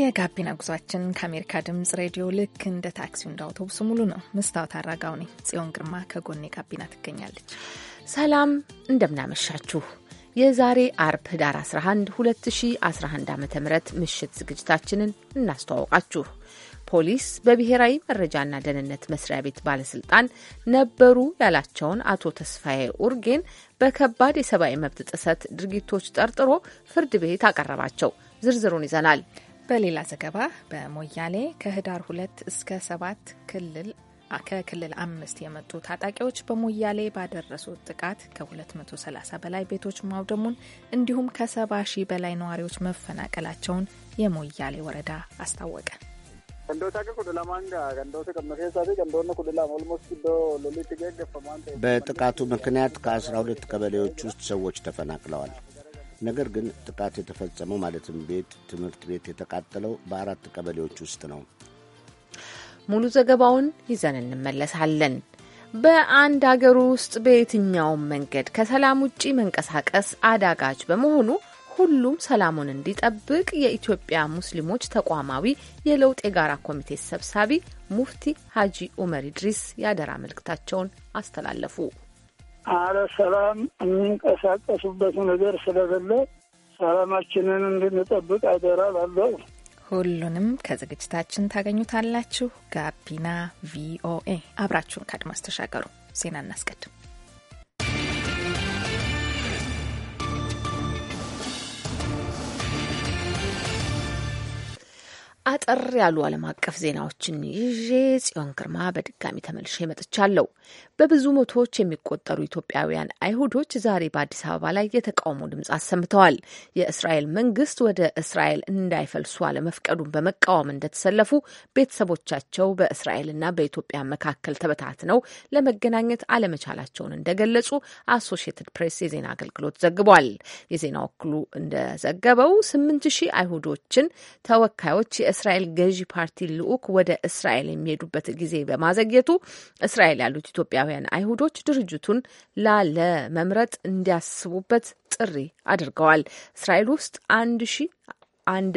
የጋቢና ጉዟችን ከአሜሪካ ድምጽ ሬዲዮ ልክ እንደ ታክሲው እንደ አውቶቡሱ ሙሉ ነው። መስታወት አራጋው ነኝ። ጽዮን ግርማ ከጎኔ ጋቢና ትገኛለች። ሰላም እንደምናመሻችሁ። የዛሬ አርብ ህዳር 11 2011 ዓ ም ምሽት ዝግጅታችንን እናስተዋውቃችሁ። ፖሊስ በብሔራዊ መረጃና ደህንነት መስሪያ ቤት ባለስልጣን ነበሩ ያላቸውን አቶ ተስፋዬ ኡርጌን በከባድ የሰብአዊ መብት ጥሰት ድርጊቶች ጠርጥሮ ፍርድ ቤት አቀረባቸው። ዝርዝሩን ይዘናል። በሌላ ዘገባ በሞያሌ ከህዳር ሁለት እስከ ሰባት ክልል ከክልል አምስት የመጡ ታጣቂዎች በሞያሌ ባደረሱት ጥቃት ከ230 በላይ ቤቶች ማውደሙን እንዲሁም ከ70 ሺህ በላይ ነዋሪዎች መፈናቀላቸውን የሞያሌ ወረዳ አስታወቀ። በጥቃቱ ምክንያት ከ12 ቀበሌዎች ውስጥ ሰዎች ተፈናቅለዋል። ነገር ግን ጥቃት የተፈጸመው ማለትም ቤት፣ ትምህርት ቤት የተቃጠለው በአራት ቀበሌዎች ውስጥ ነው። ሙሉ ዘገባውን ይዘን እንመለሳለን። በአንድ አገር ውስጥ በየትኛውም መንገድ ከሰላም ውጪ መንቀሳቀስ አዳጋች በመሆኑ ሁሉም ሰላሙን እንዲጠብቅ የኢትዮጵያ ሙስሊሞች ተቋማዊ የለውጥ የጋራ ኮሚቴ ሰብሳቢ ሙፍቲ ሀጂ ኡመር ኢድሪስ የአደራ መልእክታቸውን አስተላለፉ። አለ ሰላም የሚንቀሳቀሱበት ነገር ስለሌለ ሰላማችንን እንድንጠብቅ አደራ ላለው ሁሉንም ከዝግጅታችን ታገኙታላችሁ። ጋቢና ቪኦኤ አብራችሁን ከአድማስ ተሻገሩ። ዜና እናስቀድም። አጠር ያሉ ዓለም አቀፍ ዜናዎችን ይዤ ጽዮን ግርማ በድጋሚ ተመልሼ መጥቻለሁ። በብዙ መቶዎች የሚቆጠሩ ኢትዮጵያውያን አይሁዶች ዛሬ በአዲስ አበባ ላይ የተቃውሞ ድምፅ አሰምተዋል። የእስራኤል መንግስት ወደ እስራኤል እንዳይፈልሱ አለመፍቀዱን በመቃወም እንደተሰለፉ ቤተሰቦቻቸው በእስራኤልና በኢትዮጵያ መካከል ተበታትነው ለመገናኘት አለመቻላቸውን እንደገለጹ አሶሺየትድ ፕሬስ የዜና አገልግሎት ዘግቧል። የዜና ወክሉ እንደዘገበው ስምንት ሺህ አይሁዶችን ተወካዮች የእስራኤል ገዢ ፓርቲ ልዑክ ወደ እስራኤል የሚሄዱበት ጊዜ በማዘግየቱ እስራኤል ያሉት ኢትዮጵያውያን አይሁዶች ድርጅቱን ላለመምረጥ እንዲያስቡበት ጥሪ አድርገዋል። እስራኤል ውስጥ አንድ ሺ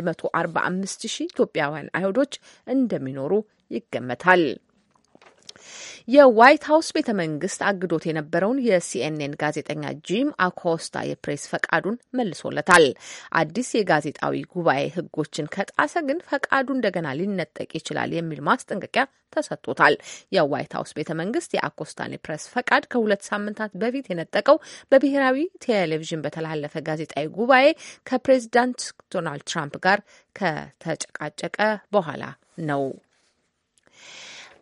145 ሺህ ኢትዮጵያውያን አይሁዶች እንደሚኖሩ ይገመታል። የዋይት ሀውስ ቤተ መንግስት አግዶት የነበረውን የሲኤንኤን ጋዜጠኛ ጂም አኮስታ የፕሬስ ፈቃዱን መልሶለታል። አዲስ የጋዜጣዊ ጉባኤ ህጎችን ከጣሰ ግን ፈቃዱ እንደገና ሊነጠቅ ይችላል የሚል ማስጠንቀቂያ ተሰጥቶታል። የዋይት ሀውስ ቤተ መንግስት የአኮስታን የፕሬስ ፈቃድ ከሁለት ሳምንታት በፊት የነጠቀው በብሔራዊ ቴሌቪዥን በተላለፈ ጋዜጣዊ ጉባኤ ከፕሬዚዳንት ዶናልድ ትራምፕ ጋር ከተጨቃጨቀ በኋላ ነው።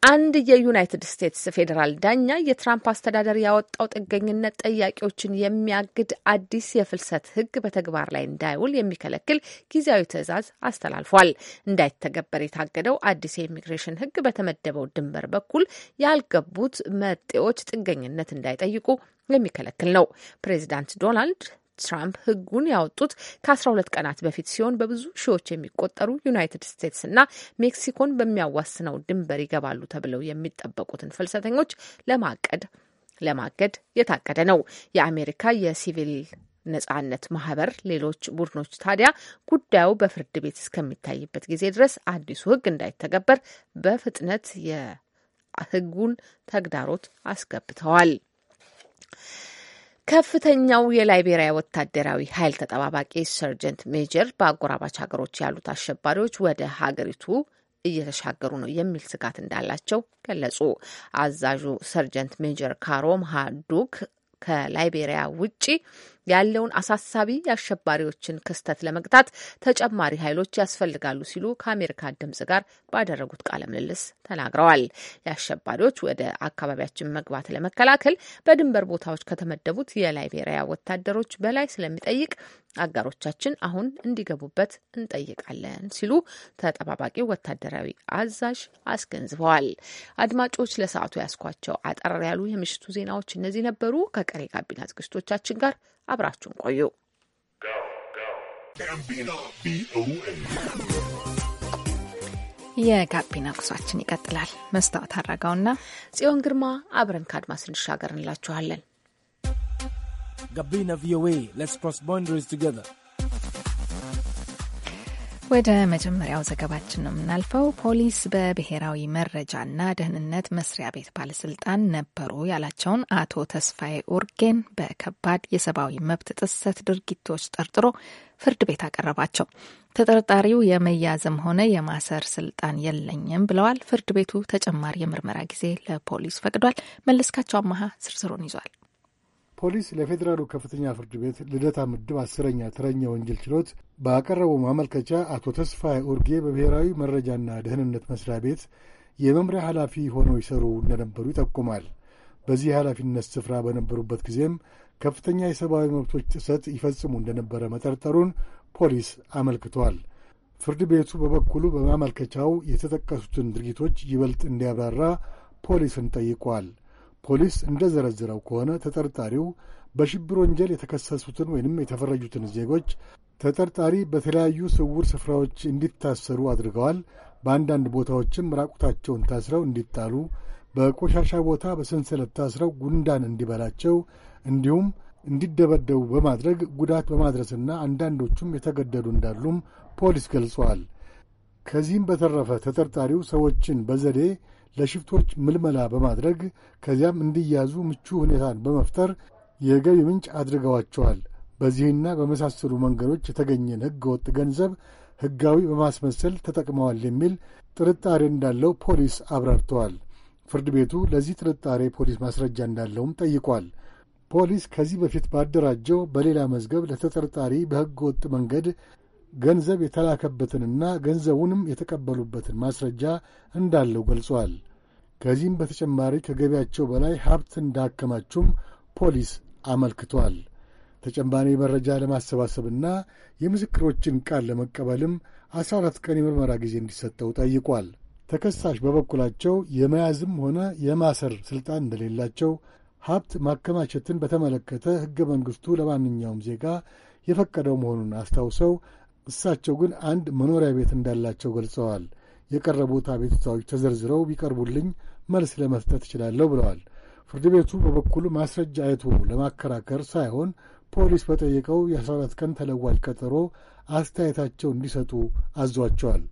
አንድ የዩናይትድ ስቴትስ ፌዴራል ዳኛ የትራምፕ አስተዳደር ያወጣው ጥገኝነት ጠያቂዎችን የሚያግድ አዲስ የፍልሰት ሕግ በተግባር ላይ እንዳይውል የሚከለክል ጊዜያዊ ትዕዛዝ አስተላልፏል። እንዳይተገበር የታገደው አዲስ የኢሚግሬሽን ሕግ በተመደበው ድንበር በኩል ያልገቡት መጤዎች ጥገኝነት እንዳይጠይቁ የሚከለክል ነው። ፕሬዚዳንት ዶናልድ ትራምፕ ህጉን ያወጡት ከ12 ቀናት በፊት ሲሆን በብዙ ሺዎች የሚቆጠሩ ዩናይትድ ስቴትስ እና ሜክሲኮን በሚያዋስነው ድንበር ይገባሉ ተብለው የሚጠበቁትን ፍልሰተኞች ለማቀድ ለማገድ የታቀደ ነው። የአሜሪካ የሲቪል ነጻነት ማህበር ሌሎች ቡድኖች ታዲያ ጉዳዩ በፍርድ ቤት እስከሚታይበት ጊዜ ድረስ አዲሱ ህግ እንዳይተገበር በፍጥነት የህጉን ተግዳሮት አስገብተዋል። ከፍተኛው የላይቤሪያ ወታደራዊ ኃይል ተጠባባቂ ሰርጀንት ሜጀር በአጎራባች ሀገሮች ያሉት አሸባሪዎች ወደ ሀገሪቱ እየተሻገሩ ነው የሚል ስጋት እንዳላቸው ገለጹ። አዛዡ ሰርጀንት ሜጀር ካሮም ሃዱክ ከላይቤሪያ ውጪ ያለውን አሳሳቢ የአሸባሪዎችን ክስተት ለመግታት ተጨማሪ ኃይሎች ያስፈልጋሉ ሲሉ ከአሜሪካ ድምጽ ጋር ባደረጉት ቃለ ምልልስ ተናግረዋል። የአሸባሪዎች ወደ አካባቢያችን መግባት ለመከላከል በድንበር ቦታዎች ከተመደቡት የላይቤሪያ ወታደሮች በላይ ስለሚጠይቅ አጋሮቻችን አሁን እንዲገቡበት እንጠይቃለን ሲሉ ተጠባባቂ ወታደራዊ አዛዥ አስገንዝበዋል። አድማጮች ለሰዓቱ ያስኳቸው አጠር ያሉ የምሽቱ ዜናዎች እነዚህ ነበሩ። ከቀሬ ጋቢና ዝግጅቶቻችን ጋር አብራችሁን ቆዩ። የጋቢና ጉዟችን ይቀጥላል። መስታወት አረጋውና ጽዮን ግርማ አብረን ከአድማስ እንሻገር እንላችኋለን። ጋቢና ቪኦኤ ሌትስ ክሮስ ባውንደሪስ ቱጌዘር ወደ መጀመሪያው ዘገባችን ነው የምናልፈው። ፖሊስ በብሔራዊ መረጃና ደህንነት መስሪያ ቤት ባለስልጣን ነበሩ ያላቸውን አቶ ተስፋዬ ኡርጌን በከባድ የሰብአዊ መብት ጥሰት ድርጊቶች ጠርጥሮ ፍርድ ቤት አቀረባቸው። ተጠርጣሪው የመያዝም ሆነ የማሰር ስልጣን የለኝም ብለዋል። ፍርድ ቤቱ ተጨማሪ የምርመራ ጊዜ ለፖሊስ ፈቅዷል። መለስካቸው አመሀ ዝርዝሩን ይዟል። ፖሊስ ለፌዴራሉ ከፍተኛ ፍርድ ቤት ልደታ ምድብ አስረኛ ተረኛ ወንጀል ችሎት ባቀረበው ማመልከቻ አቶ ተስፋዬ ኡርጌ በብሔራዊ መረጃና ደህንነት መስሪያ ቤት የመምሪያ ኃላፊ ሆነው ይሰሩ እንደነበሩ ይጠቁማል። በዚህ ኃላፊነት ስፍራ በነበሩበት ጊዜም ከፍተኛ የሰብአዊ መብቶች ጥሰት ይፈጽሙ እንደነበረ መጠርጠሩን ፖሊስ አመልክቷል። ፍርድ ቤቱ በበኩሉ በማመልከቻው የተጠቀሱትን ድርጊቶች ይበልጥ እንዲያብራራ ፖሊስን ጠይቋል። ፖሊስ እንደዘረዘረው ከሆነ ተጠርጣሪው በሽብር ወንጀል የተከሰሱትን ወይንም የተፈረጁትን ዜጎች ተጠርጣሪ በተለያዩ ስውር ስፍራዎች እንዲታሰሩ አድርገዋል። በአንዳንድ ቦታዎችም ራቁታቸውን ታስረው እንዲጣሉ፣ በቆሻሻ ቦታ በሰንሰለት ታስረው ጉንዳን እንዲበላቸው እንዲሁም እንዲደበደቡ በማድረግ ጉዳት በማድረስና አንዳንዶቹም የተገደዱ እንዳሉም ፖሊስ ገልጸዋል። ከዚህም በተረፈ ተጠርጣሪው ሰዎችን በዘዴ ለሽፍቶች ምልመላ በማድረግ ከዚያም እንዲያዙ ምቹ ሁኔታን በመፍጠር የገቢ ምንጭ አድርገዋቸዋል። በዚህና በመሳሰሉ መንገዶች የተገኘን ወጥ ገንዘብ ሕጋዊ በማስመሰል ተጠቅመዋል የሚል ጥርጣሬ እንዳለው ፖሊስ አብራርተዋል። ፍርድ ቤቱ ለዚህ ጥርጣሬ ፖሊስ ማስረጃ እንዳለውም ጠይቋል። ፖሊስ ከዚህ በፊት ባደራጀው በሌላ መዝገብ ለተጠርጣሪ በሕገ ወጥ መንገድ ገንዘብ የተላከበትንና ገንዘቡንም የተቀበሉበትን ማስረጃ እንዳለው ገልጿል። ከዚህም በተጨማሪ ከገቢያቸው በላይ ሀብት እንዳከማቹም ፖሊስ አመልክቷል። ተጨማሪ መረጃ ለማሰባሰብና የምስክሮችን ቃል ለመቀበልም አስራ አራት ቀን የምርመራ ጊዜ እንዲሰጠው ጠይቋል። ተከሳሽ በበኩላቸው የመያዝም ሆነ የማሰር ሥልጣን እንደሌላቸው፣ ሀብት ማከማቸትን በተመለከተ ሕገ መንግሥቱ ለማንኛውም ዜጋ የፈቀደው መሆኑን አስታውሰው እሳቸው ግን አንድ መኖሪያ ቤት እንዳላቸው ገልጸዋል። የቀረቡት አቤቱታዎች ተዘርዝረው ቢቀርቡልኝ መልስ ለመስጠት እችላለሁ ብለዋል። ፍርድ ቤቱ በበኩሉ ማስረጃ አይቶ ለማከራከር ሳይሆን ፖሊስ በጠየቀው የ14 ቀን ተለዋጅ ቀጠሮ አስተያየታቸው እንዲሰጡ አዟቸዋል።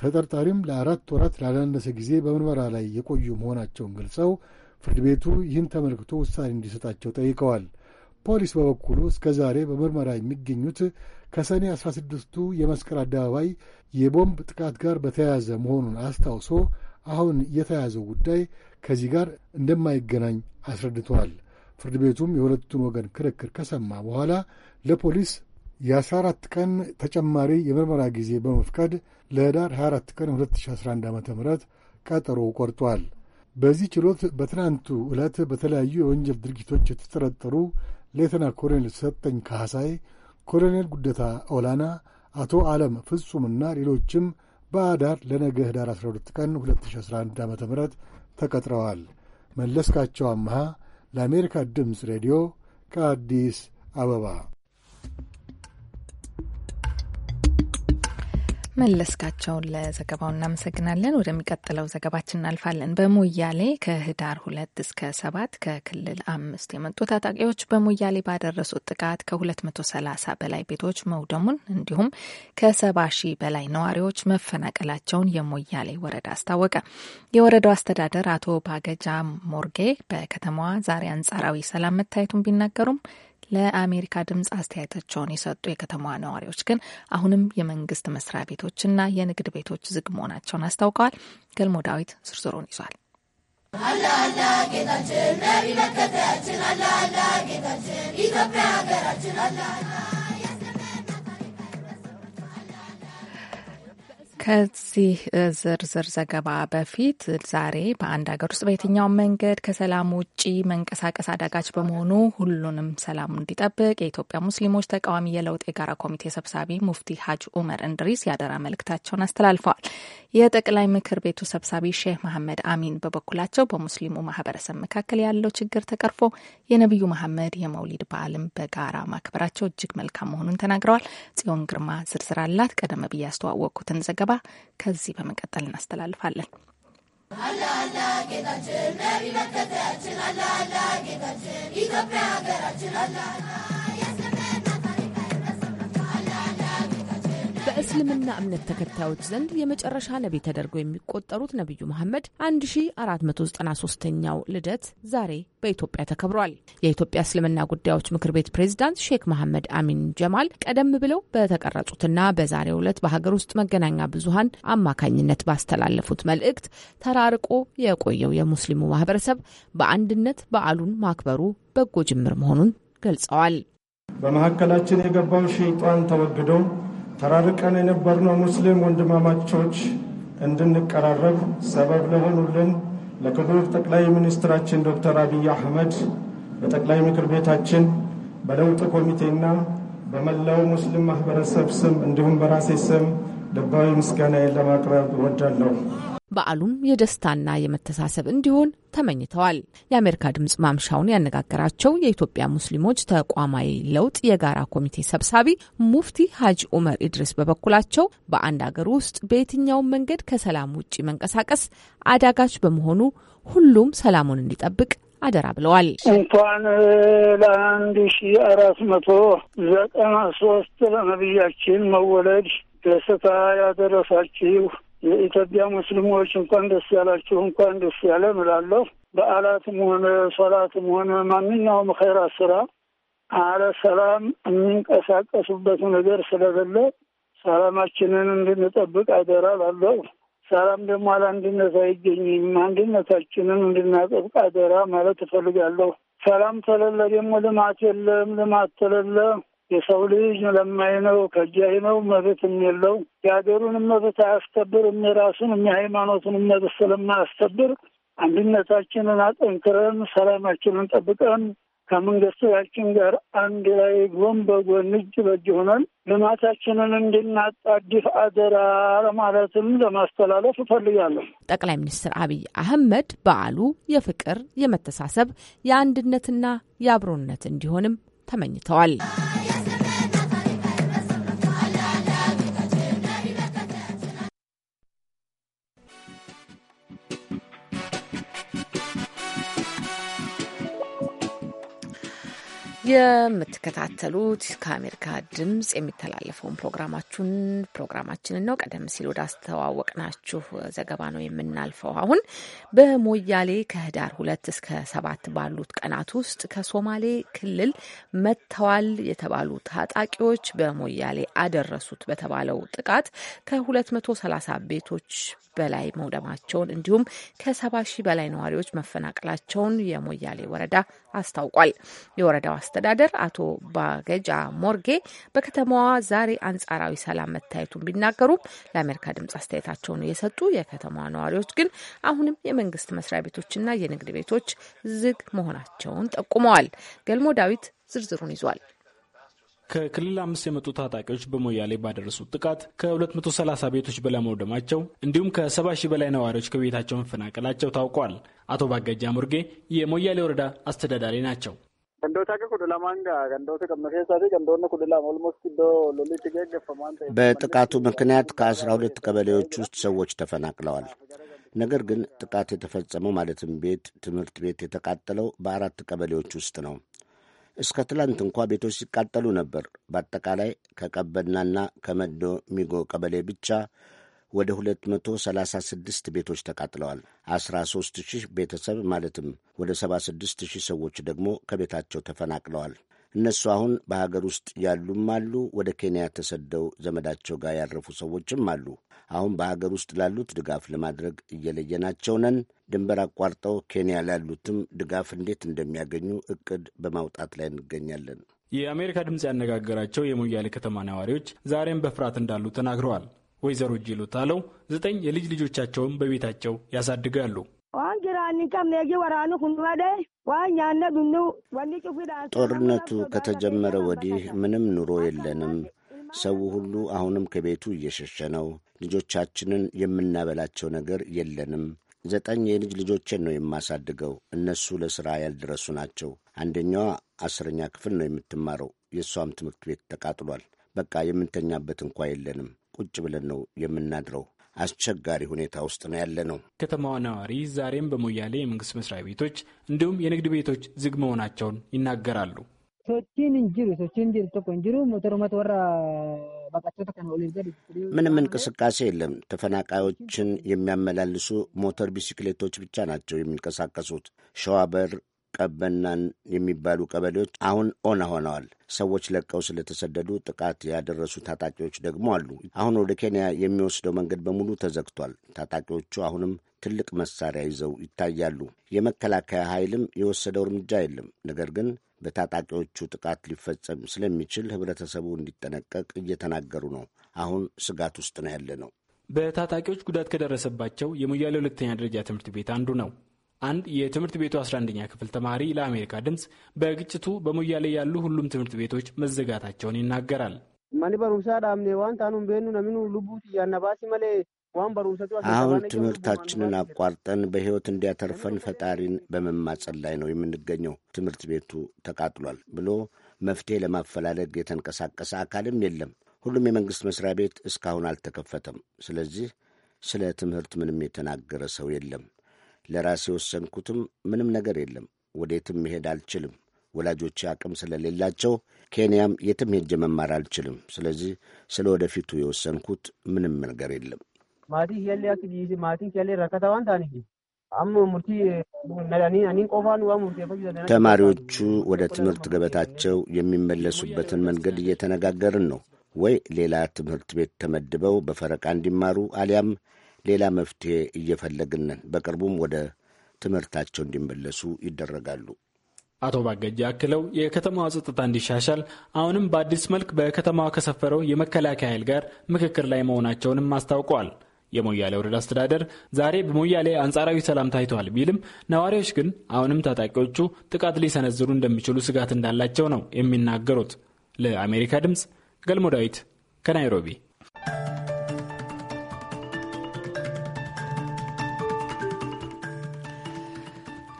ተጠርጣሪም ለአራት ወራት ላላነሰ ጊዜ በምርመራ ላይ የቆዩ መሆናቸውን ገልጸው ፍርድ ቤቱ ይህን ተመልክቶ ውሳኔ እንዲሰጣቸው ጠይቀዋል። ፖሊስ በበኩሉ እስከ ዛሬ በምርመራ የሚገኙት ከሰኔ 16 ስድስቱ የመስቀል አደባባይ የቦምብ ጥቃት ጋር በተያያዘ መሆኑን አስታውሶ አሁን የተያዘው ጉዳይ ከዚህ ጋር እንደማይገናኝ አስረድቷል። ፍርድ ቤቱም የሁለቱን ወገን ክርክር ከሰማ በኋላ ለፖሊስ የ14 ቀን ተጨማሪ የምርመራ ጊዜ በመፍቀድ ለህዳር 24 ቀን 2011 ዓ ም ቀጠሮ ቆርጧል። በዚህ ችሎት በትናንቱ ዕለት በተለያዩ የወንጀል ድርጊቶች የተጠረጠሩ ሌተና ኮሎኔል ሰጠኝ ካሳይ፣ ኮሎኔል ጉደታ ኦላና፣ አቶ ዓለም ፍጹምና ሌሎችም በአዳር ለነገ ህዳር 12 ቀን 2011 ዓ ም ተቀጥረዋል። መለስካቸው አምሃ ለአሜሪካ ድምፅ ሬዲዮ ከአዲስ አበባ መለስካቸውን ለዘገባው እናመሰግናለን። ወደሚቀጥለው ዘገባችን እናልፋለን። በሞያሌ ከህዳር ሁለት እስከ ሰባት ከክልል አምስት የመጡ ታጣቂዎች በሞያሌ ባደረሱት ጥቃት ከ230 በላይ ቤቶች መውደሙን እንዲሁም ከ ሺህ በላይ ነዋሪዎች መፈናቀላቸውን የሞያሌ ወረዳ አስታወቀ። የወረዳው አስተዳደር አቶ ባገጃ ሞርጌ በከተማዋ ዛሬ አንጻራዊ ሰላም መታየቱን ቢናገሩም ለአሜሪካ ድምፅ አስተያየታቸውን የሰጡ የከተማዋ ነዋሪዎች ግን አሁንም የመንግስት መስሪያ ቤቶችና የንግድ ቤቶች ዝግ መሆናቸውን አስታውቀዋል። ገልሞ ዳዊት ዝርዝሩን ይዟል። ጌታችን ነቢ አላ አላ ጌታችን ኢትዮጵያ ሀገራችን አላ አላ ከዚህ ዝርዝር ዘገባ በፊት ዛሬ በአንድ ሀገር ውስጥ በየትኛውም መንገድ ከሰላም ውጪ መንቀሳቀስ አዳጋች በመሆኑ ሁሉንም ሰላሙ እንዲጠብቅ የኢትዮጵያ ሙስሊሞች ተቃዋሚ የለውጥ የጋራ ኮሚቴ ሰብሳቢ ሙፍቲ ሀጅ ኡመር እንድሪስ ያደራ መልእክታቸውን አስተላልፈዋል። የጠቅላይ ምክር ቤቱ ሰብሳቢ ሼህ መሐመድ አሚን በበኩላቸው በሙስሊሙ ማህበረሰብ መካከል ያለው ችግር ተቀርፎ የነቢዩ መሐመድ የመውሊድ በዓልን በጋራ ማክበራቸው እጅግ መልካም መሆኑን ተናግረዋል። ጽዮን ግርማ ዝርዝር አላት። ቀደም ብዬ ያስተዋወቅኩትን ዘገባ ከዚህ በመቀጠል እናስተላልፋለን። አላላ ጌታችን ነቢ አላላ ጌታችን ኢትዮጵያ ሀገራችን አላላ በእስልምና እምነት ተከታዮች ዘንድ የመጨረሻ ነቢይ ተደርገው የሚቆጠሩት ነቢዩ መሐመድ 1493ኛው ልደት ዛሬ በኢትዮጵያ ተከብሯል። የኢትዮጵያ እስልምና ጉዳዮች ምክር ቤት ፕሬዝዳንት ሼክ መሐመድ አሚን ጀማል ቀደም ብለው በተቀረጹትና በዛሬው ዕለት በሀገር ውስጥ መገናኛ ብዙሃን አማካኝነት ባስተላለፉት መልእክት ተራርቆ የቆየው የሙስሊሙ ማህበረሰብ በአንድነት በዓሉን ማክበሩ በጎ ጅምር መሆኑን ገልጸዋል። በመካከላችን የገባው ሸይጣን ተወግዶ ተራርቀን የነበርነው ሙስሊም ወንድማማቾች እንድንቀራረብ ሰበብ ለሆኑልን ለክቡር ጠቅላይ ሚኒስትራችን ዶክተር አብይ አህመድ በጠቅላይ ምክር ቤታችን በለውጥ ኮሚቴና በመላው ሙስሊም ማህበረሰብ ስም እንዲሁም በራሴ ስም ልባዊ ምስጋናዬን ለማቅረብ እወዳለሁ። በዓሉም የደስታና የመተሳሰብ እንዲሆን ተመኝተዋል። የአሜሪካ ድምጽ ማምሻውን ያነጋገራቸው የኢትዮጵያ ሙስሊሞች ተቋማዊ ለውጥ የጋራ ኮሚቴ ሰብሳቢ ሙፍቲ ሀጅ ኡመር ኢድሪስ በበኩላቸው በአንድ አገር ውስጥ በየትኛውም መንገድ ከሰላም ውጭ መንቀሳቀስ አዳጋች በመሆኑ ሁሉም ሰላሙን እንዲጠብቅ አደራ ብለዋል። እንኳን ለአንድ ሺ አራት መቶ ዘጠና ሶስት ለነቢያችን መወለድ ደስታ ያደረሳችሁ የኢትዮጵያ ሙስሊሞች እንኳን ደስ ያላችሁ፣ እንኳን ደስ ያለ ምላለሁ። በዓላትም ሆነ ሶላትም ሆነ ማንኛውም ኸይራ ስራ አለ ሰላም የሚንቀሳቀሱበት ነገር ስለሌለ ሰላማችንን እንድንጠብቅ አደራ ላለው። ሰላም ደግሞ አለአንድነት አይገኝም። አንድነታችንን እንድናጠብቅ አደራ ማለት እፈልጋለሁ። ሰላም ተለለ ደግሞ ልማት የለም። ልማት ተለለ የሰው ልጅ ለማይ ነው ከጃይ ነው መብት የለው የሀገሩንም መብት አያስከብርም የራሱንም የሃይማኖቱንም መብት ስለማያስከብር አንድነታችንን አጠንክረን ሰላማችንን ጠብቀን ከመንግስታችን ጋር አንድ ላይ ጎን በጎን እጅ በእጅ ሆነን ልማታችንን እንድናጣድፍ አደራ ለማለትም ለማስተላለፍ እፈልጋለሁ። ጠቅላይ ሚኒስትር አብይ አህመድ በዓሉ የፍቅር፣ የመተሳሰብ፣ የአንድነትና የአብሮነት እንዲሆንም ተመኝተዋል። የምትከታተሉት ከአሜሪካ ድምጽ የሚተላለፈውን ፕሮግራማችሁን ፕሮግራማችንን ነው። ቀደም ሲል ወደ አስተዋወቅናችሁ ዘገባ ነው የምናልፈው። አሁን በሞያሌ ከህዳር ሁለት እስከ ሰባት ባሉት ቀናት ውስጥ ከሶማሌ ክልል መጥተዋል የተባሉ ታጣቂዎች በሞያሌ አደረሱት በተባለው ጥቃት ከ230 ቤቶች በላይ መውደማቸውን እንዲሁም ከሰባ ሺህ በላይ ነዋሪዎች መፈናቀላቸውን የሞያሌ ወረዳ አስታውቋል። የወረዳው አስተዳደር አቶ ባገጃ ሞርጌ በከተማዋ ዛሬ አንጻራዊ ሰላም መታየቱን ቢናገሩም ለአሜሪካ ድምጽ አስተያየታቸውን የሰጡ የከተማዋ ነዋሪዎች ግን አሁንም የመንግስት መስሪያ ቤቶችና የንግድ ቤቶች ዝግ መሆናቸውን ጠቁመዋል። ገልሞ ዳዊት ዝርዝሩን ይዟል። ከክልል አምስት የመጡ ታጣቂዎች በሞያሌ ባደረሱት ጥቃት ከ230 ቤቶች በላይ መውደማቸው እንዲሁም ከ70 ሺህ በላይ ነዋሪዎች ከቤታቸው መፈናቀላቸው ታውቋል። አቶ ባገጃ ሙርጌ የሞያሌ ወረዳ አስተዳዳሪ ናቸው። Gandoota akka kudha lamaan gaa gandoota qabna keessaa gandoonni kudha lama iddoo ta'e በጥቃቱ ምክንያት ከአስራ ሁለት ቀበሌዎች ውስጥ ሰዎች ተፈናቅለዋል። ነገር ግን ጥቃት የተፈጸመው ማለትም ቤት፣ ትምህርት ቤት የተቃጠለው በአራት ቀበሌዎች ውስጥ ነው። እስከ ትላንት እንኳ ቤቶች ሲቃጠሉ ነበር። በአጠቃላይ ከቀበናና ከመዶ ሚጎ ቀበሌ ብቻ ወደ 236 ቤቶች ተቃጥለዋል። 13 ሺህ ቤተሰብ ማለትም ወደ 76 ሺህ ሰዎች ደግሞ ከቤታቸው ተፈናቅለዋል። እነሱ አሁን በሀገር ውስጥ ያሉም አሉ፣ ወደ ኬንያ ተሰደው ዘመዳቸው ጋር ያረፉ ሰዎችም አሉ። አሁን በሀገር ውስጥ ላሉት ድጋፍ ለማድረግ እየለየናቸው ነን። ድንበር አቋርጠው ኬንያ ላሉትም ድጋፍ እንዴት እንደሚያገኙ እቅድ በማውጣት ላይ እንገኛለን። የአሜሪካ ድምፅ ያነጋገራቸው የሞያሌ ከተማ ነዋሪዎች ዛሬም በፍርሃት እንዳሉ ተናግረዋል። ወይዘሮ ጅሉ ታለው ዘጠኝ የልጅ ልጆቻቸውን በቤታቸው ያሳድጋሉ። ጦርነቱ ከተጀመረ ወዲህ ምንም ኑሮ የለንም። ሰው ሁሉ አሁንም ከቤቱ እየሸሸ ነው። ልጆቻችንን የምናበላቸው ነገር የለንም። ዘጠኝ የልጅ ልጆችን ነው የማሳድገው። እነሱ ለሥራ ያልደረሱ ናቸው። አንደኛዋ አስረኛ ክፍል ነው የምትማረው። የእሷም ትምህርት ቤት ተቃጥሏል። በቃ የምንተኛበት እንኳ የለንም። ቁጭ ብለን ነው የምናድረው። አስቸጋሪ ሁኔታ ውስጥ ነው ያለ ነው። ከተማዋ ነዋሪ ዛሬም በሞያሌ የመንግስት መስሪያ ቤቶች እንዲሁም የንግድ ቤቶች ዝግ መሆናቸውን ይናገራሉ። ምንም እንቅስቃሴ የለም። ተፈናቃዮችን የሚያመላልሱ ሞተር ቢሲክሌቶች ብቻ ናቸው የሚንቀሳቀሱት። ሸዋበር ቀበናን የሚባሉ ቀበሌዎች አሁን ኦና ሆነዋል። ሰዎች ለቀው ስለተሰደዱ ጥቃት ያደረሱ ታጣቂዎች ደግሞ አሉ። አሁን ወደ ኬንያ የሚወስደው መንገድ በሙሉ ተዘግቷል። ታጣቂዎቹ አሁንም ትልቅ መሳሪያ ይዘው ይታያሉ። የመከላከያ ኃይልም የወሰደው እርምጃ የለም። ነገር ግን በታጣቂዎቹ ጥቃት ሊፈጸም ስለሚችል ህብረተሰቡ እንዲጠነቀቅ እየተናገሩ ነው። አሁን ስጋት ውስጥ ነው ያለ ነው። በታጣቂዎች ጉዳት ከደረሰባቸው የሞያሌ ሁለተኛ ደረጃ ትምህርት ቤት አንዱ ነው። አንድ የትምህርት ቤቱ 11ኛ ክፍል ተማሪ ለአሜሪካ ድምፅ በግጭቱ በሞያሌ ያሉ ሁሉም ትምህርት ቤቶች መዘጋታቸውን ይናገራል። አሁን ትምህርታችንን አቋርጠን በሕይወት እንዲያተርፈን ፈጣሪን በመማጸን ላይ ነው የምንገኘው። ትምህርት ቤቱ ተቃጥሏል ብሎ መፍትሄ ለማፈላለግ የተንቀሳቀሰ አካልም የለም። ሁሉም የመንግሥት መስሪያ ቤት እስካሁን አልተከፈተም። ስለዚህ ስለ ትምህርት ምንም የተናገረ ሰው የለም። ለራሴ የወሰንኩትም ምንም ነገር የለም። ወዴትም መሄድ አልችልም። ወላጆቼ አቅም ስለሌላቸው ኬንያም የትም ሄጄ መማር አልችልም። ስለዚህ ስለ ወደፊቱ የወሰንኩት ምንም ነገር የለም። ተማሪዎቹ ወደ ትምህርት ገበታቸው የሚመለሱበትን መንገድ እየተነጋገርን ነው። ወይ ሌላ ትምህርት ቤት ተመድበው በፈረቃ እንዲማሩ አሊያም ሌላ መፍትሄ እየፈለግን በቅርቡም ወደ ትምህርታቸው እንዲመለሱ ይደረጋሉ። አቶ ባገጅ አክለው የከተማዋ ጸጥታ እንዲሻሻል አሁንም በአዲስ መልክ በከተማዋ ከሰፈረው የመከላከያ ኃይል ጋር ምክክር ላይ መሆናቸውንም አስታውቀዋል። የሞያሌ ወረዳ አስተዳደር ዛሬ በሞያሌ አንጻራዊ ሰላም ታይተዋል ቢልም ነዋሪዎች ግን አሁንም ታጣቂዎቹ ጥቃት ሊሰነዝሩ እንደሚችሉ ስጋት እንዳላቸው ነው የሚናገሩት። ለአሜሪካ ድምፅ ገልሞ ዳዊት ከናይሮቢ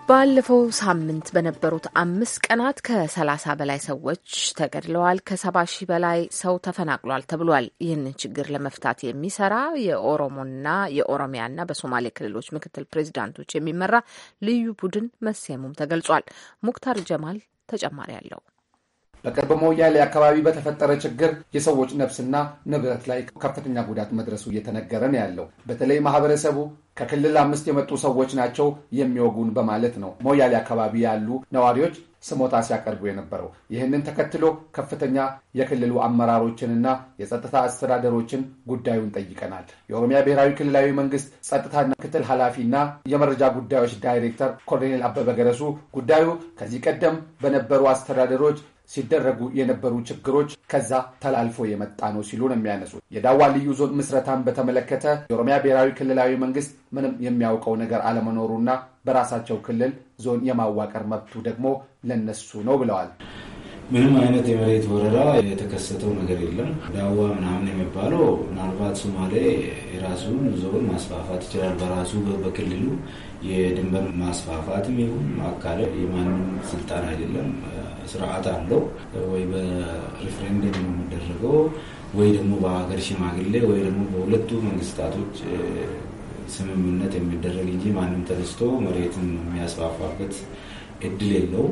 ባለፈው ሳምንት በነበሩት አምስት ቀናት ከሰላሳ በላይ ሰዎች ተገድለዋል፣ ከሰባ ሺህ በላይ ሰው ተፈናቅሏል ተብሏል። ይህንን ችግር ለመፍታት የሚሰራ የኦሮሞና የኦሮሚያና በሶማሌ ክልሎች ምክትል ፕሬዚዳንቶች የሚመራ ልዩ ቡድን መሰየሙም ተገልጿል። ሙክታር ጀማል ተጨማሪ አለው። በቅርብ ሞያሌ አካባቢ በተፈጠረ ችግር የሰዎች ነፍስና ንብረት ላይ ከፍተኛ ጉዳት መድረሱ እየተነገረ ነው ያለው። በተለይ ማህበረሰቡ ከክልል አምስት የመጡ ሰዎች ናቸው የሚወጉን በማለት ነው ሞያሌ አካባቢ ያሉ ነዋሪዎች ስሞታ ሲያቀርቡ የነበረው። ይህንን ተከትሎ ከፍተኛ የክልሉ አመራሮችንና የጸጥታ አስተዳደሮችን ጉዳዩን ጠይቀናል። የኦሮሚያ ብሔራዊ ክልላዊ መንግስት ጸጥታና ምክትል ኃላፊና የመረጃ ጉዳዮች ዳይሬክተር ኮሎኔል አበበ ገረሱ ጉዳዩ ከዚህ ቀደም በነበሩ አስተዳደሮች ሲደረጉ የነበሩ ችግሮች ከዛ ተላልፎ የመጣ ነው ሲሉ ነው የሚያነሱት። የዳዋ ልዩ ዞን ምስረታን በተመለከተ የኦሮሚያ ብሔራዊ ክልላዊ መንግስት ምንም የሚያውቀው ነገር አለመኖሩና በራሳቸው ክልል ዞን የማዋቀር መብቱ ደግሞ ለነሱ ነው ብለዋል። ምንም አይነት የመሬት ወረራ የተከሰተው ነገር የለም። ዳዋ ምናምን የሚባለው ምናልባት ሶማሌ የራሱን ዞን ማስፋፋት ይችላል በራሱ በክልሉ የድንበር ማስፋፋትም ይሁን ማካለል የማንም ስልጣን አይደለም። ስርዓት አለው ወይ በሪፍሬንደም ነው የሚደረገው ወይ ደግሞ በሀገር ሽማግሌ ወይ ደግሞ በሁለቱ መንግስታቶች ስምምነት የሚደረግ እንጂ ማንም ተነስቶ መሬትን የሚያስፋፋበት እድል የለው።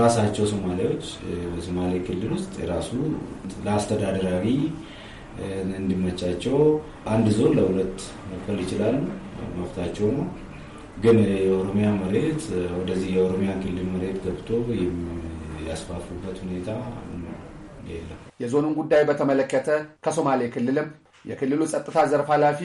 ራሳቸው ሶማሌዎች በሶማሌ ክልል ውስጥ የራሱ ለአስተዳደራዊ እንዲመቻቸው አንድ ዞን ለሁለት መክፈል ይችላሉ። መፍታቸው ነው። ግን የኦሮሚያ መሬት ወደዚህ የኦሮሚያ ክልል መሬት ገብቶ ያስፋፉበት ሁኔታ የለም። የዞኑን ጉዳይ በተመለከተ ከሶማሌ ክልልም የክልሉ ጸጥታ ዘርፍ ኃላፊ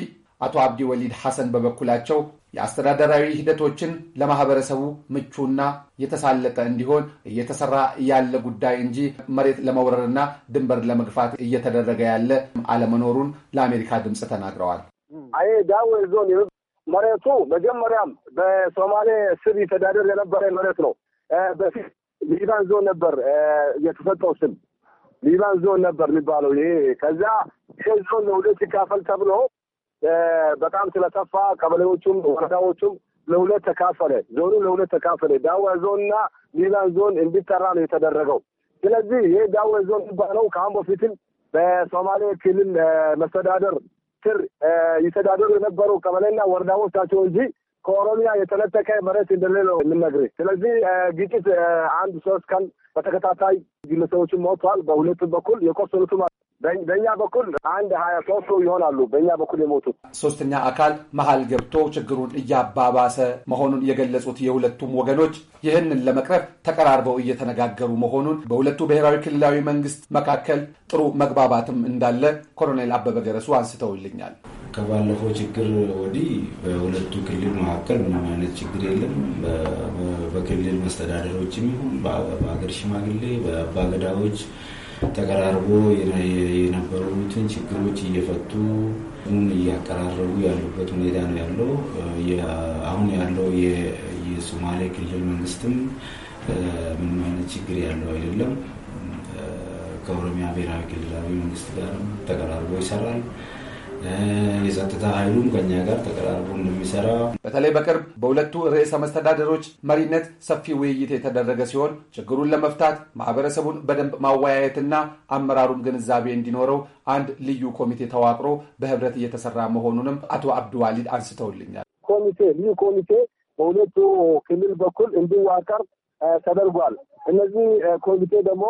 አቶ አብዲ ወሊድ ሐሰን በበኩላቸው የአስተዳደራዊ ሂደቶችን ለማህበረሰቡ ምቹና የተሳለጠ እንዲሆን እየተሰራ ያለ ጉዳይ እንጂ መሬት ለመውረርና ድንበር ለመግፋት እየተደረገ ያለ አለመኖሩን ለአሜሪካ ድምፅ ተናግረዋል። መሬቱ መጀመሪያም በሶማሌ ስር ይተዳደር የነበረ መሬት ነው። በፊት ሊባን ዞን ነበር የተሰጠው ስም ሊባን ዞን ነበር የሚባለው ይሄ። ከዛ ይሄ ዞን ለሁለት ሲካፈል ተብሎ በጣም ስለሰፋ ቀበሌዎቹም ወረዳዎቹም ለሁለት ተካፈለ። ዞኑ ለሁለት ተካፈለ። ዞን ዞንና ሊባን ዞን እንዲጠራ ነው የተደረገው። ስለዚህ ይሄ ዳወ ዞን የሚባለው ከአሁን በፊትም በሶማሌ ክልል መስተዳደር ስር ይተዳደሩ የነበሩ ቀበሌና ወረዳዎች ናቸው እንጂ ከኦሮሚያ የተነጠቀ መሬት እንደሌለ ነው የምነግርህ። ስለዚህ ግጭት አንድ ሶስት ቀን በተከታታይ ግለሰቦችን ሞቷል። በሁለቱም በኩል የቆሰሉትም በእኛ በኩል አንድ ሀያ ሶስት ሰው ይሆናሉ። በእኛ በኩል የሞቱት ሶስተኛ አካል መሀል ገብቶ ችግሩን እያባባሰ መሆኑን የገለጹት የሁለቱም ወገኖች ይህንን ለመቅረፍ ተቀራርበው እየተነጋገሩ መሆኑን፣ በሁለቱ ብሔራዊ ክልላዊ መንግስት መካከል ጥሩ መግባባትም እንዳለ ኮሎኔል አበበ ገረሱ አንስተውልኛል። ከባለፈው ችግር ወዲህ በሁለቱ ክልል መካከል ምንም አይነት ችግር የለም። በክልል መስተዳደሮችም ይሁን በሀገር ሽማግሌ በአባገዳዎች ተቀራርቦ የነበሩትን ችግሮች እየፈቱ እያቀራረቡ ያሉበት ሁኔታ ነው ያለው። አሁን ያለው የሶማሌ ክልል መንግስትም ምንም አይነት ችግር ያለው አይደለም። ከኦሮሚያ ብሔራዊ ክልላዊ መንግስት ጋርም ተቀራርቦ ይሰራል። የጸጥታ ኃይሉም ከኛ ጋር ተቀራርቦ እንደሚሰራ በተለይ በቅርብ በሁለቱ ርዕሰ መስተዳደሮች መሪነት ሰፊ ውይይት የተደረገ ሲሆን ችግሩን ለመፍታት ማህበረሰቡን በደንብ ማወያየትና አመራሩም ግንዛቤ እንዲኖረው አንድ ልዩ ኮሚቴ ተዋቅሮ በህብረት እየተሰራ መሆኑንም አቶ አብዱዋሊድ አንስተውልኛል። ኮሚቴ ልዩ ኮሚቴ በሁለቱ ክልል በኩል እንዲዋቀር ተደርጓል። እነዚህ ኮሚቴ ደግሞ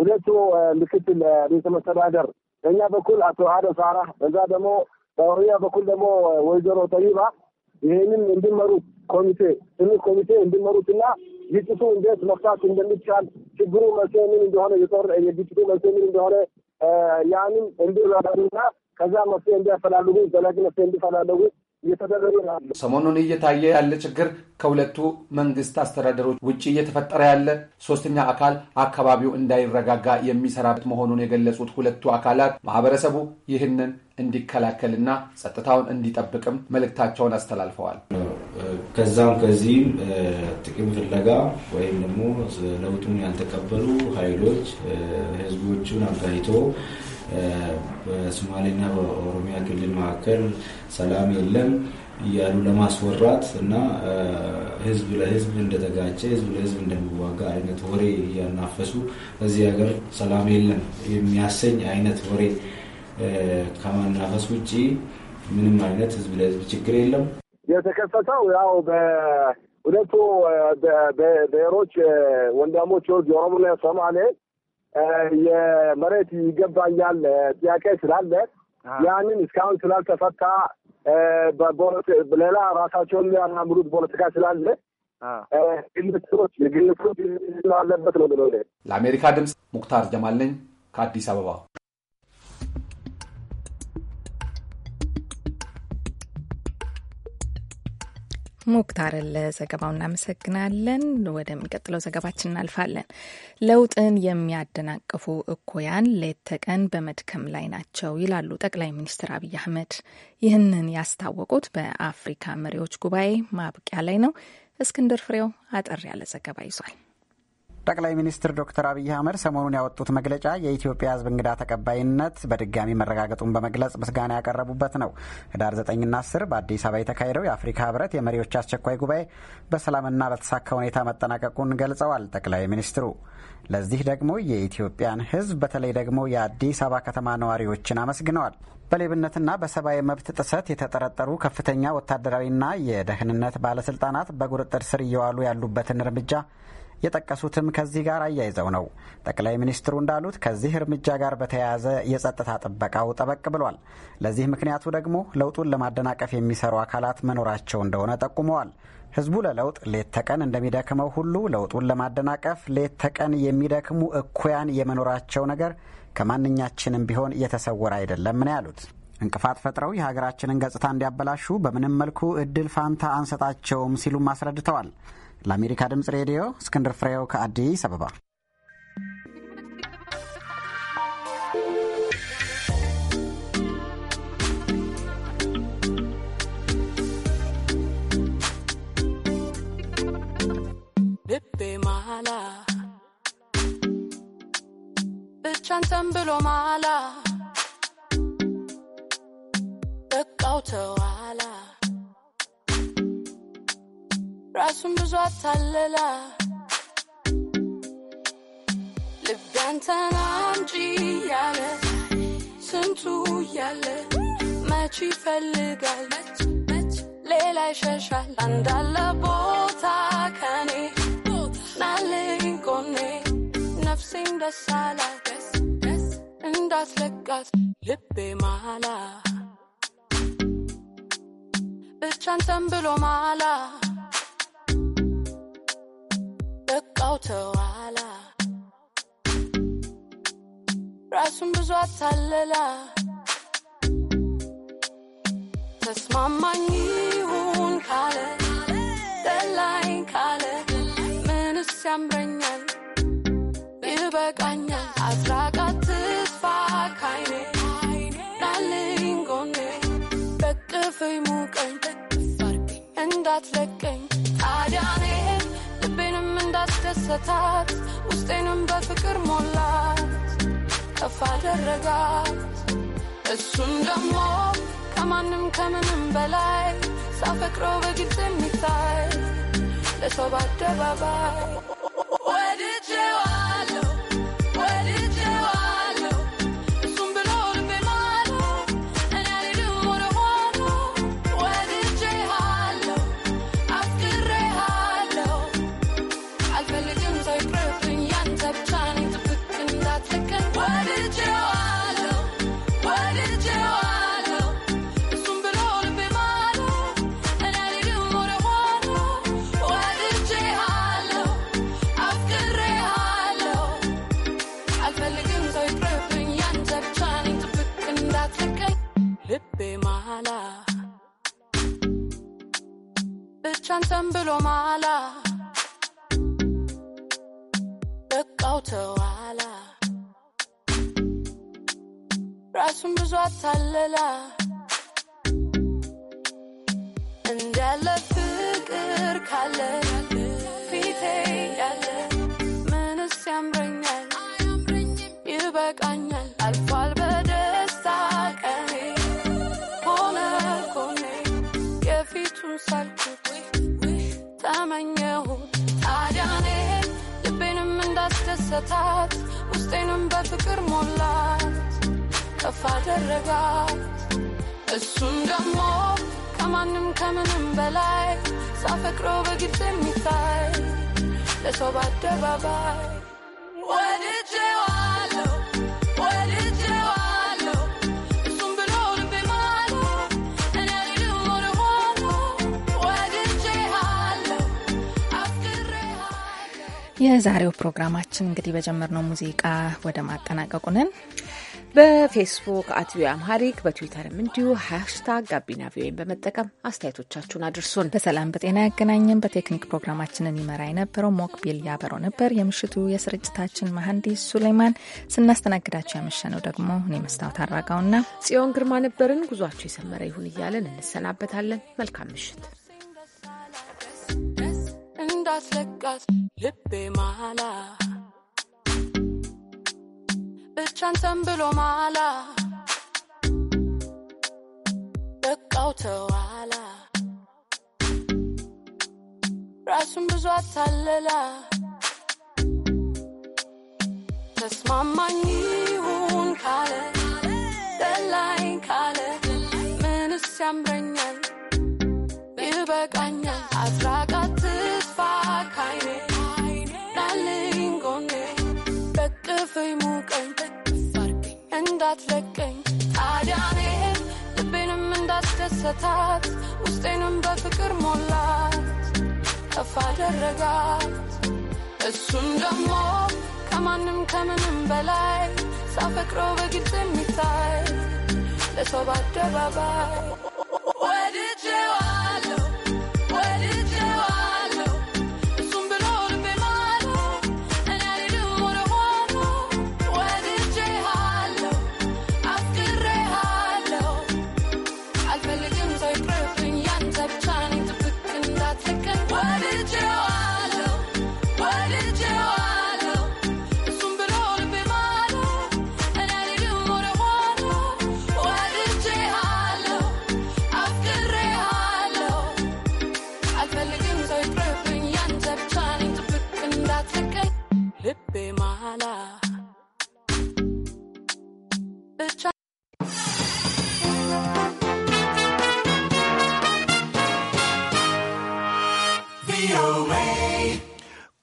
ሁለቱ ምክትል ርዕሰ መስተዳደር በእኛ በኩል አቶ አደ ሳራ በዛ ደግሞ በኦሮሚያ በኩል ደግሞ ወይዘሮ ጠይባ ይህንን እንዲመሩት ኮሚቴ ትንሽ ኮሚቴ እንዲመሩትና ግጭቱ እንዴት መፍታት እንደሚቻል ችግሩ መፍትሄ ምን እንደሆነ የጦር የግጭቱ መፍትሄ ምን እንደሆነ ያንን እንዲረዳሉና ከዛ መፍትሄ እንዲያፈላልጉ ዘላቂ መፍትሄ እንዲፈላለጉ ሰሞኑን እየታየ ያለ ችግር ከሁለቱ መንግስት አስተዳደሮች ውጭ እየተፈጠረ ያለ ሶስተኛ አካል አካባቢው እንዳይረጋጋ የሚሰራበት መሆኑን የገለጹት ሁለቱ አካላት ማህበረሰቡ ይህንን እንዲከላከልና ጸጥታውን እንዲጠብቅም መልእክታቸውን አስተላልፈዋል። ከዛም ከዚህም ጥቅም ፍለጋ ወይም ደግሞ ለውጡን ያልተቀበሉ ኃይሎች ህዝቦቹን አጋይቶ በሶማሌና በኦሮሚያ ክልል መካከል ሰላም የለም እያሉ ለማስወራት እና ህዝብ ለህዝብ እንደተጋጨ ህዝብ ለህዝብ እንደሚዋጋ አይነት ወሬ እያናፈሱ በዚህ ሀገር ሰላም የለም የሚያሰኝ አይነት ወሬ ከማናፈስ ውጭ ምንም አይነት ህዝብ ለህዝብ ችግር የለም። የተከሰተው ያው በሁለቱ ብሔሮች ወንዳሞች የኦሮሞና ሶማሌ የመሬት ይገባኛል ጥያቄ ስላለ ያንን እስካሁን ስላልተፈታ ሌላ ራሳቸውን የሚያራምዱት ፖለቲካ ስላለ ግልቶች ግልቶች አለበት ነው ብሎ ለአሜሪካ ድምፅ ሙክታር ጀማል ነኝ ከአዲስ አበባ ሙክታርን ለዘገባው እናመሰግናለን። ወደሚቀጥለው ዘገባችን እናልፋለን። ለውጥን የሚያደናቅፉ እኩያን ሌት ተቀን በመድከም ላይ ናቸው ይላሉ ጠቅላይ ሚኒስትር አብይ አህመድ። ይህንን ያስታወቁት በአፍሪካ መሪዎች ጉባኤ ማብቂያ ላይ ነው። እስክንድር ፍሬው አጠር ያለ ዘገባ ይዟል። ጠቅላይ ሚኒስትር ዶክተር አብይ አህመድ ሰሞኑን ያወጡት መግለጫ የኢትዮጵያ ሕዝብ እንግዳ ተቀባይነት በድጋሚ መረጋገጡን በመግለጽ ምስጋና ያቀረቡበት ነው። ህዳር 9ና 10 በአዲስ አበባ የተካሄደው የአፍሪካ ህብረት የመሪዎች አስቸኳይ ጉባኤ በሰላምና በተሳካ ሁኔታ መጠናቀቁን ገልጸዋል ጠቅላይ ሚኒስትሩ። ለዚህ ደግሞ የኢትዮጵያን ሕዝብ በተለይ ደግሞ የአዲስ አበባ ከተማ ነዋሪዎችን አመስግነዋል። በሌብነትና በሰብአዊ መብት ጥሰት የተጠረጠሩ ከፍተኛ ወታደራዊና የደህንነት ባለስልጣናት በቁጥጥር ስር እየዋሉ ያሉበትን እርምጃ የጠቀሱትም ከዚህ ጋር አያይዘው ነው። ጠቅላይ ሚኒስትሩ እንዳሉት ከዚህ እርምጃ ጋር በተያያዘ የጸጥታ ጥበቃው ጠበቅ ብሏል። ለዚህ ምክንያቱ ደግሞ ለውጡን ለማደናቀፍ የሚሰሩ አካላት መኖራቸው እንደሆነ ጠቁመዋል። ህዝቡ ለለውጥ ሌት ተቀን እንደሚደክመው ሁሉ ለውጡን ለማደናቀፍ ሌት ተቀን የሚደክሙ እኩያን የመኖራቸው ነገር ከማንኛችንም ቢሆን የተሰወረ አይደለም ነው ያሉት። እንቅፋት ፈጥረው የሀገራችንን ገጽታ እንዲያበላሹ በምንም መልኩ እድል ፋንታ አንሰጣቸውም ሲሉም አስረድተዋል። ለአሜሪካ ድምፅ ሬዲዮ እስክንድር ፍሬው ከአዲስ አበባ። ማላ ብቻንተን ብሎ ማላ በቃውተው እሱም ብዙ አታለላ ልቤ አንተን አምጪ ያለ ስንቱ ያለ መች ይፈልጋል ሌላ ይሸሻል አንዳለ ቦታ ከኔ ናልኝ ጎኔ ደሳላ ደስ አላት እንዳትለቃት ልቤ ማላ ብቻ ብሎ ማላ በቃው ተዋላ ራሱን ብዙ አታለላ ተስማማኝ ይሁን ካለ ደላኝ ካለ ምንስ ያምረኛል ይበቃኛል አስራቃት ተስፋ ካይኔ ናልኝ ጎኔ በቅፍ ሙቀኝ እንዳትለቀኝ ታዲያ እኔ እንዳስደሰታት ውስጤንም በፍቅር ሞላት ከፍ አደረጋት እሱም ደግሞ ከማንም ከምንም በላይ ሳፈቅረው በግልጽ የሚታይ ለሰው በአደባባይ አንተን ብሎ ማላ በቃው ተዋላ ራሱን ብዙ አታለላ እንዳለ ፍቅር ካለ ፊቴ ያለ ምንስ ያምረኛል ይበቃኛል ተመኘሁት ታዲያኔን ልቤንም እንዳስደሰታት ውስጤንም በፍቅር ሞላት ከፍ አደረጋት እሱም ደግሞ ከማንም ከምንም በላይ ሳፈቅረው በግልጽ የሚታይ ለሰው በአደባባይ የዛሬው ፕሮግራማችን እንግዲህ በጀመርነው ሙዚቃ ወደ ማጠናቀቁ ነን። በፌስቡክ አት ቪኦኤ አምሃሪክ በትዊተርም እንዲሁ ሃሽታግ ጋቢና ቪኦኤን በመጠቀም አስተያየቶቻችሁን አድርሱን። በሰላም በጤና ያገናኘን። በቴክኒክ ፕሮግራማችንን ይመራ የነበረው ሞክ ቢል ያበረው ነበር። የምሽቱ የስርጭታችን መሐንዲስ ሱሌማን፣ ስናስተናግዳቸው ያመሸነው ደግሞ እኔ መስታወት አራጋውና ጽዮን ግርማ ነበርን። ጉዟቸው የሰመረ ይሁን እያለን እንሰናበታለን። መልካም ምሽት። ለቃት ልቤ ማላ ብቻን ተንብሎ ማላ በቃው ተዋላ ራሱን ብዙ አታለላ ተስማማኝ ይሁን ካለ ደላይን ካለ ምንስ ያምረኛል ይበቃኛል አዝራ ከፈይ ሙቀኝ እንዳትለቀኝ ታዲያኔም ልቤንም እንዳስደሰታት ውስጤንም በፍቅር ሞላት ከፍ አደረጋት እሱም ደግሞ ከማንም ከምንም በላይ ሳፈቅሮ በግልጽ የሚታይ ለሰው በአደባባይ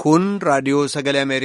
Kun raadiyoo sagalee amerika.